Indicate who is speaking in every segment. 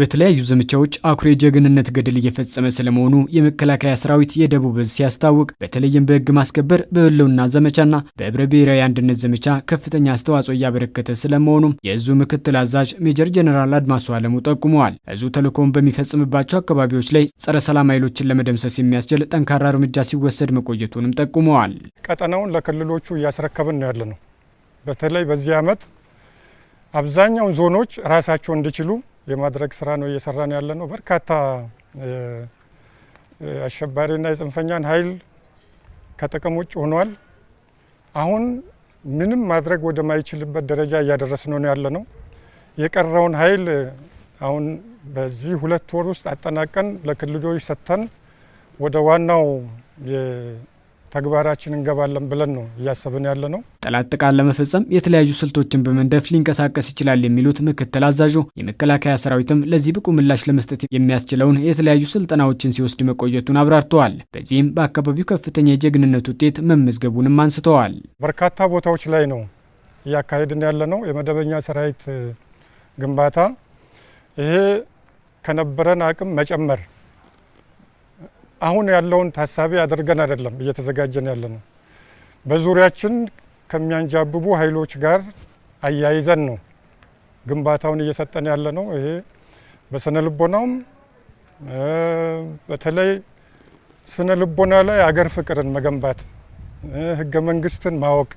Speaker 1: በተለያዩ ዘመቻዎች አኩሪ የጀግንነት ገድል እየፈጸመ ስለመሆኑ የመከላከያ ሰራዊት የደቡብ እዝ ሲያስታውቅ በተለይም በህግ ማስከበር በህልውና ዘመቻና በህብረ ብሔራዊ አንድነት ዘመቻ ከፍተኛ አስተዋጽኦ እያበረከተ ስለመሆኑም የእዙ ምክትል አዛዥ ሜጀር ጀነራል አድማሱ አለሙ ጠቁመዋል። እዙ ተልእኮውን በሚፈጽምባቸው አካባቢዎች ላይ ጸረ ሰላም ኃይሎችን ለመደምሰስ የሚያስችል ጠንካራ እርምጃ ሲወሰድ መቆየቱንም ጠቁመዋል።
Speaker 2: ቀጠናውን ለክልሎቹ እያስረከብን ነው ያለ ነው። በተለይ በዚህ ዓመት አብዛኛውን ዞኖች ራሳቸው እንዲችሉ የማድረግ ስራ ነው እየሰራን ያለ ነው። በርካታ አሸባሪና የጽንፈኛን ኃይል ከጥቅም ውጭ ሆኗል። አሁን ምንም ማድረግ ወደማይችልበት ደረጃ እያደረስ ነው ያለ ነው። የቀረውን ኃይል አሁን በዚህ ሁለት ወር ውስጥ አጠናቀን ለክልሎች ሰጥተን ወደ ዋናው ተግባራችን እንገባለን ብለን ነው እያሰብን ያለ ነው።
Speaker 1: ጠላት ጥቃት ለመፈጸም የተለያዩ ስልቶችን በመንደፍ ሊንቀሳቀስ ይችላል የሚሉት ምክትል አዛዡ የመከላከያ ሰራዊትም ለዚህ ብቁ ምላሽ ለመስጠት የሚያስችለውን የተለያዩ ስልጠናዎችን ሲወስድ መቆየቱን አብራርተዋል። በዚህም በአካባቢው ከፍተኛ የጀግንነት ውጤት መመዝገቡንም አንስተዋል።
Speaker 2: በርካታ ቦታዎች ላይ ነው እያካሄድን ያለ ነው የመደበኛ ሰራዊት ግንባታ። ይሄ ከነበረን አቅም መጨመር አሁን ያለውን ታሳቢ አድርገን አይደለም እየተዘጋጀን ያለ ነው። በዙሪያችን ከሚያንጃብቡ ኃይሎች ጋር አያይዘን ነው ግንባታውን እየሰጠን ያለ ነው። ይሄ በስነ ልቦናውም በተለይ ስነ ልቦና ላይ አገር ፍቅርን መገንባት፣ ህገ መንግስትን ማወቅ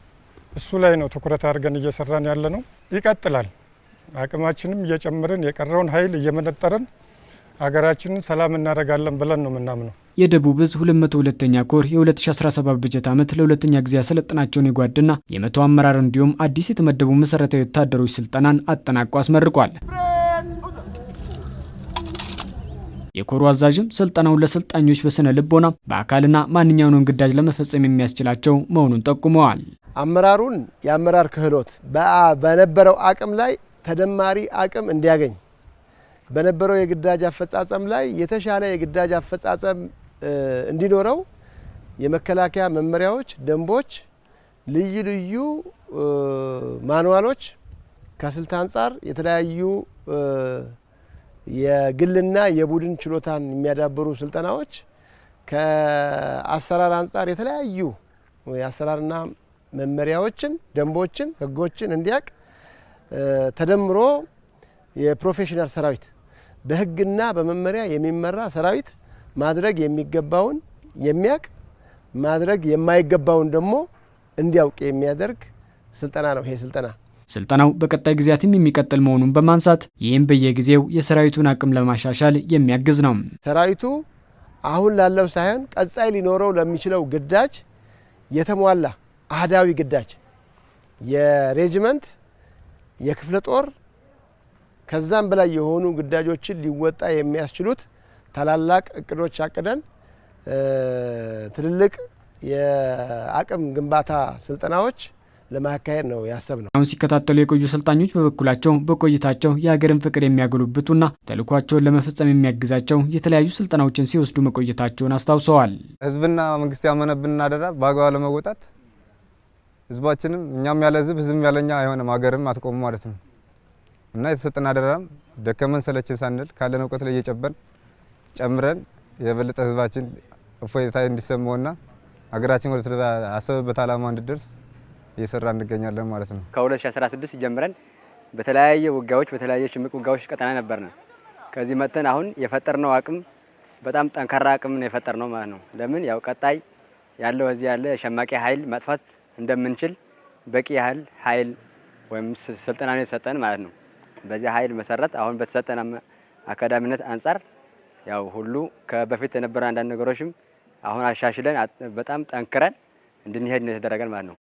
Speaker 2: እሱ ላይ ነው ትኩረት አድርገን እየሰራን ያለ ነው። ይቀጥላል። አቅማችንም እየጨመርን የቀረውን ኃይል እየመነጠርን ሀገራችንን ሰላም እናደርጋለን ብለን ነው የምናምነው።
Speaker 1: የደቡብ እዝ 202ኛ ኮር የ2017 በጀት ዓመት ለሁለተኛ ጊዜ ያሰለጥናቸውን የጓድና የመቶ አመራር እንዲሁም አዲስ የተመደቡ መሰረታዊ ወታደሮች ስልጠናን አጠናቆ አስመርቋል። የኮሩ አዛዥም ስልጠናውን ለሰልጣኞች በስነ ልቦና በአካልና ማንኛውንም ግዳጅ ለመፈጸም የሚያስችላቸው መሆኑን ጠቁመዋል።
Speaker 3: አመራሩን የአመራር ክህሎት በነበረው አቅም ላይ ተደማሪ አቅም እንዲያገኝ በነበረው የግዳጅ አፈጻጸም ላይ የተሻለ የግዳጅ አፈጻጸም እንዲኖረው የመከላከያ መመሪያዎች፣ ደንቦች፣ ልዩ ልዩ ማንዋሎች ከስልት አንጻር የተለያዩ የግልና የቡድን ችሎታን የሚያዳብሩ ስልጠናዎች ከአሰራር አንጻር የተለያዩ የአሰራርና መመሪያዎችን፣ ደንቦችን፣ ህጎችን እንዲያቅ ተደምሮ የፕሮፌሽናል ሰራዊት በህግና በመመሪያ የሚመራ ሰራዊት ማድረግ የሚገባውን የሚያውቅ ማድረግ የማይገባውን ደግሞ እንዲያውቅ የሚያደርግ ስልጠና ነው። ይሄ ስልጠና
Speaker 1: ስልጠናው በቀጣይ ጊዜያትም የሚቀጥል መሆኑን በማንሳት ይህም በየጊዜው የሰራዊቱን አቅም ለማሻሻል የሚያግዝ ነው።
Speaker 3: ሰራዊቱ አሁን ላለው ሳይሆን ቀጻይ ሊኖረው ለሚችለው ግዳጅ የተሟላ አህዳዊ ግዳጅ የሬጅመንት የክፍለ ጦር ከዛም በላይ የሆኑ ግዳጆችን ሊወጣ የሚያስችሉት ታላላቅ እቅዶች አቅደን ትልልቅ የአቅም ግንባታ ስልጠናዎች ለማካሄድ ነው ያሰብ ነው።
Speaker 1: አሁን ሲከታተሉ የቆዩ ሰልጣኞች በበኩላቸው በቆይታቸው የሀገርን ፍቅር የሚያጎለብቱና ተልኳቸውን ለመፈጸም የሚያግዛቸው የተለያዩ ስልጠናዎችን ሲወስዱ መቆየታቸውን አስታውሰዋል።
Speaker 4: ህዝብና መንግስት ያመነብንን አደራ በአግባቡ ለመወጣት ህዝባችንም እኛም ያለ ህዝብ ህዝብም ያለኛ አይሆንም፣ ሀገርም አትቆሙ ማለት ነው እና የተሰጠን አደራም ደከመን ሰለችን ሳንል ካለን እውቀት ላይ እየጨበን ጨምረን የበለጠ ህዝባችን እፎይታ እንዲሰማውና ሀገራችን ወደ አሰበበት ዓላማ እንድደርስ እየሰራ እንገኛለን ማለት ነው።
Speaker 5: ከ2016 ጀምረን በተለያየ ውጋዎች በተለያየ ሽምቅ ውጋዎች ቀጠና ነበርን። ከዚህ መጥተን አሁን የፈጠርነው አቅም በጣም ጠንካራ አቅም ነው የፈጠርነው ማለት ነው። ለምን ያው ቀጣይ ያለው እዚህ ያለ ሸማቂ ኃይል ማጥፋት እንደምንችል በቂ ያህል ኃይል ወይም ስልጠና ነው የተሰጠን ማለት ነው። በዚህ ኃይል መሰረት አሁን በተሰጠን አካዳሚነት አንጻር ያው ሁሉ ከበፊት የነበረ አንዳንድ ነገሮችም አሁን አሻሽለን በጣም ጠንክረን እንድንሄድ ነው የተደረገን ማለት ነው።